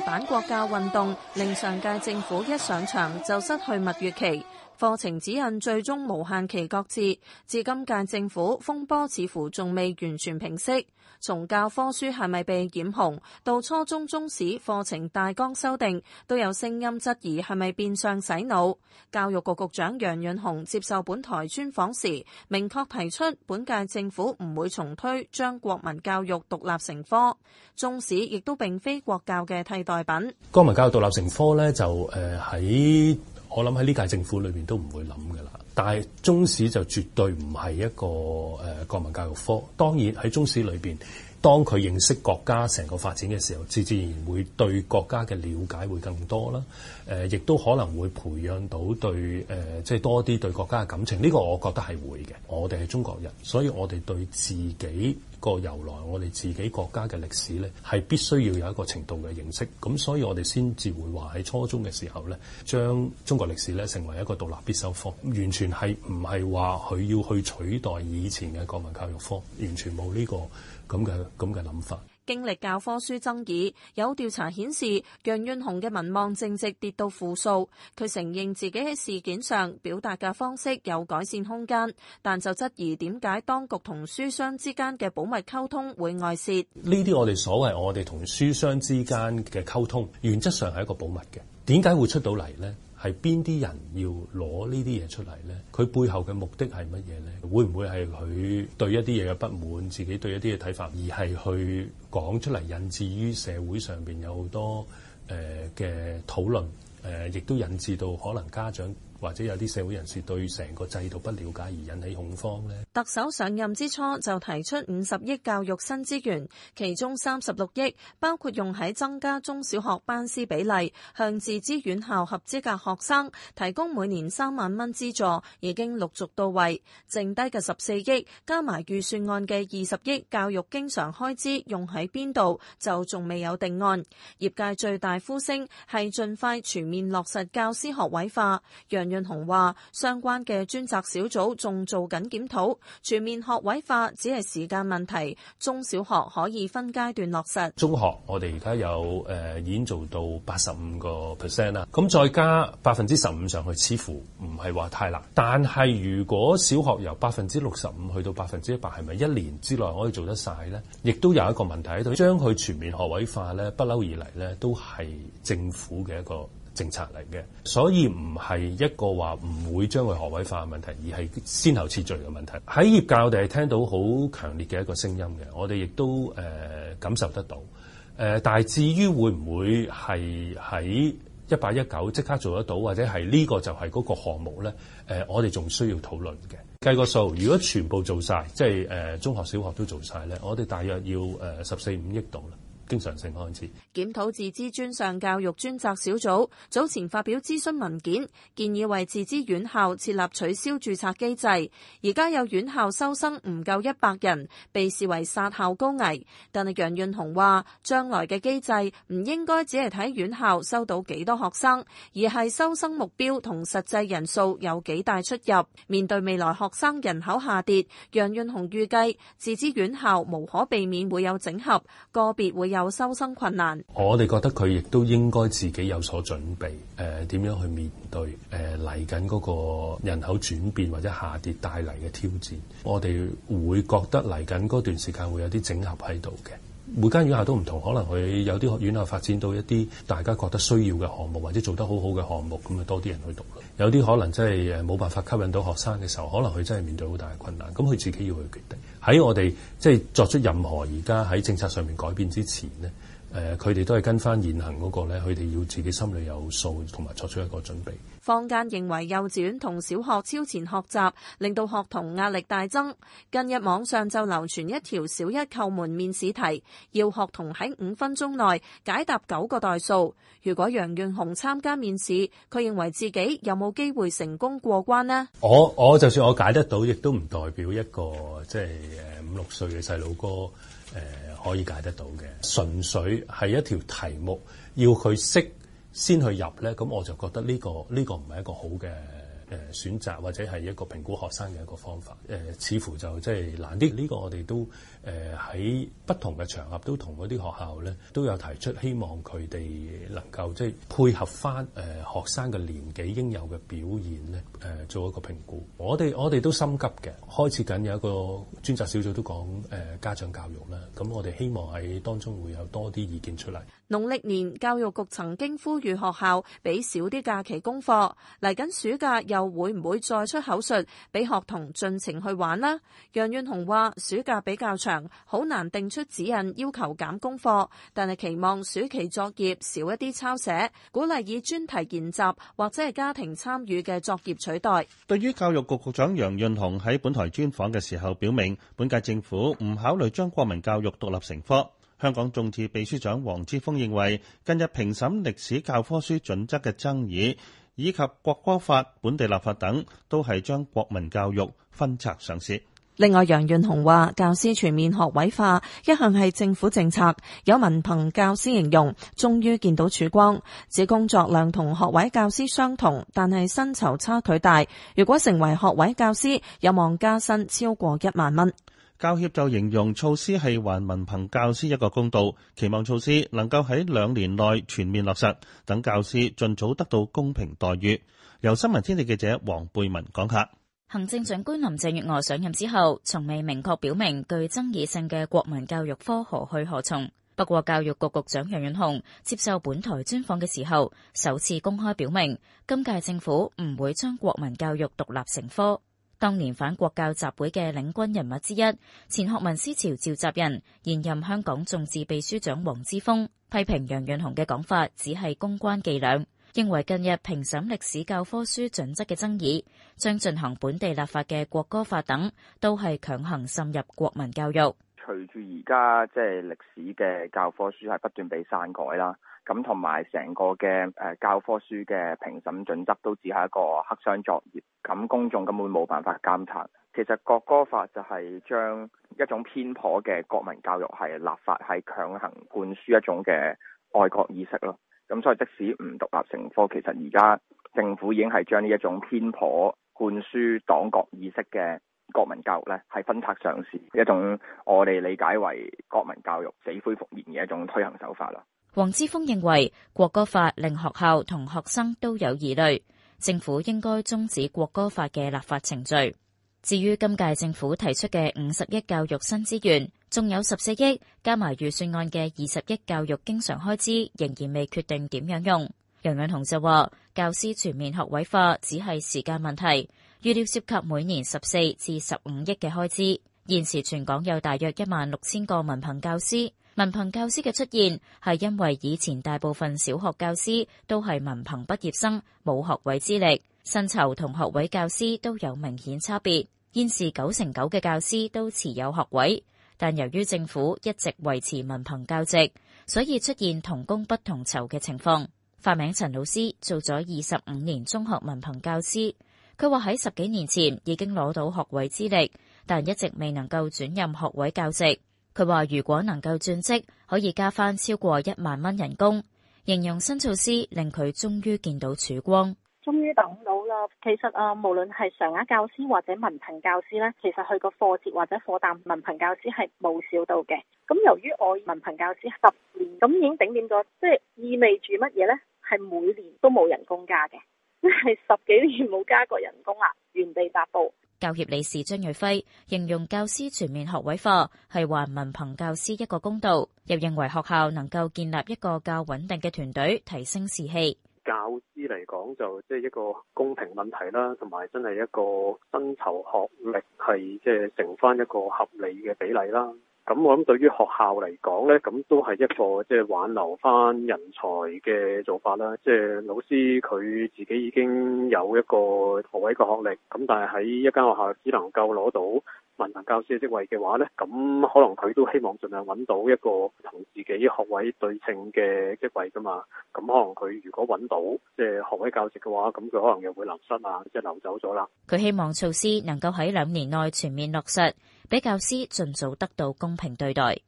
反國教運動令上屆政府一上場就失去蜜月期。課程指引最終無限期擱置，至今屆政府風波似乎仲未完全平息。從教科書係咪被染紅，到初中中史課程大綱修訂，都有聲音質疑係咪變相洗腦。教育局局長楊潤雄接受本台專訪時，明確提出本屆政府唔會重推將國民教育獨立成科，中史亦都並非國教嘅替代品。國民教育獨立成科呢，就誒喺。呃我諗喺呢屆政府裏邊都唔會諗㗎喇，但係中史就絕對唔係一個誒、呃、國民教育科。當然喺中史裏邊，當佢認識國家成個發展嘅時候，自自然然會對國家嘅了解會更多啦。誒、呃，亦都可能會培養到對誒、呃，即係多啲對國家嘅感情。呢、這個我覺得係會嘅。我哋係中國人，所以我哋對自己個由來，我哋自己國家嘅歷史咧，係必須要有一個程度嘅認識。咁所以，我哋先至會話喺初中嘅時候咧，將中國歷史咧成為一個獨立必修科，完全係唔係話佢要去取代以前嘅國民教育科，完全冇呢個咁嘅咁嘅諗法。經歷教科書爭議，有調查顯示楊潤雄嘅民望淨值跌到負數。佢承認自己喺事件上表達嘅方式有改善空間，但就質疑點解當局同書商之間嘅保密溝通會外泄。呢啲我哋所謂我哋同書商之間嘅溝通，原則上係一個保密嘅，點解會出到嚟呢？係邊啲人要攞呢啲嘢出嚟咧？佢背後嘅目的係乜嘢咧？會唔會係佢對一啲嘢嘅不滿，自己對一啲嘢嘅睇法，而係去講出嚟，引致於社會上邊有好多誒嘅討論，誒、呃呃、亦都引致到可能家長。或者有啲社會人士對成個制度不了解而引起恐慌呢？特首上任之初就提出五十億教育新資源，其中三十六億包括用喺增加中小學班師比例、向自資院校合資格學生提供每年三萬蚊資助，已經陸續到位。剩低嘅十四億加埋預算案嘅二十億教育經常開支用喺邊度，就仲未有定案。業界最大呼聲係盡快全面落實教師學位化。楊潤雄話：相關嘅專責小組仲做緊檢討，全面學位化只係時間問題，中小學可以分階段落實。中學我哋而家有誒、呃、已經做到八十五個 percent 啦，咁再加百分之十五上去，似乎唔係話太難。但係如果小學由百分之六十五去到百分之一百，係咪一年之內可以做得晒呢？亦都有一個問題喺度，將佢全面學位化咧，不嬲而嚟咧都係政府嘅一個。政策嚟嘅，所以唔係一個話唔會將佢學位化嘅問題，而係先後次序嘅問題。喺業界我哋係聽到好強烈嘅一個聲音嘅，我哋亦都誒、呃、感受得到。誒、呃，但係至於會唔會係喺一八一九即刻做得到，或者係呢個就係嗰個項目咧，誒、呃，我哋仲需要討論嘅。計個數，如果全部做晒，即係誒、呃、中學小學都做晒咧，我哋大約要誒十四五億度啦。經常性開始檢討。自資專上教育專責小組早前發表諮詢文件，建議為自資院校設立取消註冊機制。而家有院校收生唔夠一百人，被視為殺校高危。但係楊潤雄話，將來嘅機制唔應該只係睇院校收到幾多學生，而係收生目標同實際人數有幾大出入。面對未來學生人口下跌，楊潤雄預計自資院校無可避免會有整合，個別會有。有收生困難，我哋覺得佢亦都應該自己有所準備。誒、呃，點樣去面對誒嚟緊嗰個人口轉變或者下跌帶嚟嘅挑戰？我哋會覺得嚟緊嗰段時間會有啲整合喺度嘅。每間院校都唔同，可能佢有啲學院啊發展到一啲大家覺得需要嘅項目，或者做得好好嘅項目，咁啊多啲人去讀。有啲可能真係誒冇辦法吸引到學生嘅時候，可能佢真係面對好大嘅困難。咁佢自己要去決定。喺我哋即係作出任何而家喺政策上面改變之前咧。誒，佢哋都係跟翻現行嗰個咧，佢哋要自己心裏有數，同埋作出一個準備。坊間認為幼稚園同小學超前學習，令到學童壓力大增。近日網上就流傳一條小一扣門面試題，要學童喺五分鐘內解答九個代數。如果楊潤雄參加面試，佢認為自己有冇機會成功過關呢？我我就算我解得到，亦都唔代表一個即係誒五六歲嘅細路哥。誒、呃、可以解得到嘅，純粹係一條題目，要去識先去入咧，咁我就覺得呢、呢個呢、呢個唔係一個好嘅。誒、呃、選擇或者係一個評估學生嘅一個方法，誒、呃、似乎就即係難啲。呢個我哋都誒喺、呃、不同嘅場合都同嗰啲學校咧都有提出，希望佢哋能夠即係配合翻誒、呃、學生嘅年紀應有嘅表現咧，誒、呃、做一個評估。我哋我哋都心急嘅，開始緊有一個專責小組都講誒、呃、家長教育啦。咁、嗯、我哋希望喺當中會有多啲意見出嚟。農曆年教育局曾經呼籲學校俾少啲假期功課，嚟緊暑假又會唔會再出口述俾學童盡情去玩呢？楊潤雄話：暑假比較長，好難定出指引要求減功課，但係期望暑期作業少一啲抄寫，鼓勵以專題研習或者係家庭參與嘅作業取代。對於教育局局長楊潤雄喺本台專訪嘅時候表明，本屆政府唔考慮將國民教育獨立成科。香港眾志秘書長黃之鋒認為，近日評審歷史教科書準則嘅爭議，以及國歌法，本地立法等，都係將國民教育分拆上市。另外，楊潤雄話，教師全面學位化一向係政府政策，有文憑教師形容終於見到曙光，指工作量同學位教師相同，但係薪酬差距大。如果成為學位教師，有望加薪超過一萬蚊。教協就形容措施係還文憑教師一個公道，期望措施能夠喺兩年內全面落實，等教師儘早得到公平待遇，由新聞天地記者黃貝文講下。行政長官林鄭月娥上任之後，從未明確表明具爭議性嘅國民教育科何去何從。不過，教育局局長楊潤雄接受本台專訪嘅時候，首次公開表明，今屆政府唔會將國民教育獨立成科。當年反國教集會嘅領軍人物之一，前學民思潮召集人，咁同埋成個嘅誒教科書嘅評審準則都只係一個黑箱作業，咁公眾根本冇辦法監察。其實國歌法就係將一種偏頗嘅國民教育係立法係強行灌輸一種嘅愛國意識咯。咁所以即使唔獨立成科，其實而家政府已經係將呢一種偏頗灌輸黨國意識嘅國民教育咧，係分拆上市，一種我哋理解為國民教育死灰復燃嘅一種推行手法啦。黃之鋒認為國歌法令學校同學生都有疑慮，政府應該終止國歌法嘅立法程序。至於今屆政府提出嘅五十億教育新資源，仲有十四億加埋預算案嘅二十億教育經常開支，仍然未決定點樣用。楊潤雄就話，教師全面學位化只係時間問題，預料涉及每年十四至十五億嘅開支。現時全港有大約一萬六千個文憑教師。文憑教師嘅出現係因為以前大部分小學教師都係文憑畢業生，冇學位資歷，薪酬同學位教師都有明顯差別。現時九成九嘅教師都持有學位，但由於政府一直維持文憑教職，所以出現同工不同酬嘅情況。化名陳老師做咗二十五年中學文憑教師，佢話喺十幾年前已經攞到學位資歷，但一直未能夠轉任學位教職。佢話如果能夠轉職，可以加翻超過一萬蚊人工。形容新措施令佢終於見到曙光，終於等到啦。其實啊，無論係常額教師或者文憑教師咧，其實去個課節或者課擔，文憑教師係冇少到嘅。咁由於我文憑教師十年咁已經頂點咗，即係意味住乜嘢咧？係每年都冇人工加嘅，係十幾年冇加過人工啦，原地踏步。教協理事張瑞輝形容教師全面學位化係還文憑教師一個公道，又認為學校能夠建立一個較穩定嘅團隊，提升士氣。教師嚟講就即係一個公平問題啦，同埋真係一個薪酬學歷係即係成翻一個合理嘅比例啦。咁我諗對於學校嚟講咧，咁都係一個即係挽留翻人才嘅做法啦。即係老師佢自己已經有一個學位嘅學歷，咁但係喺一間學校只能夠攞到文憑教師嘅職位嘅話咧，咁可能佢都希望盡量揾到一個同自己學位對稱嘅職位噶嘛。咁可能佢如果揾到即係學位教職嘅話，咁佢可能又會流失啊，即係流走咗啦。佢希望措施能夠喺兩年內全面落實。俾教師盡早得到公平對待。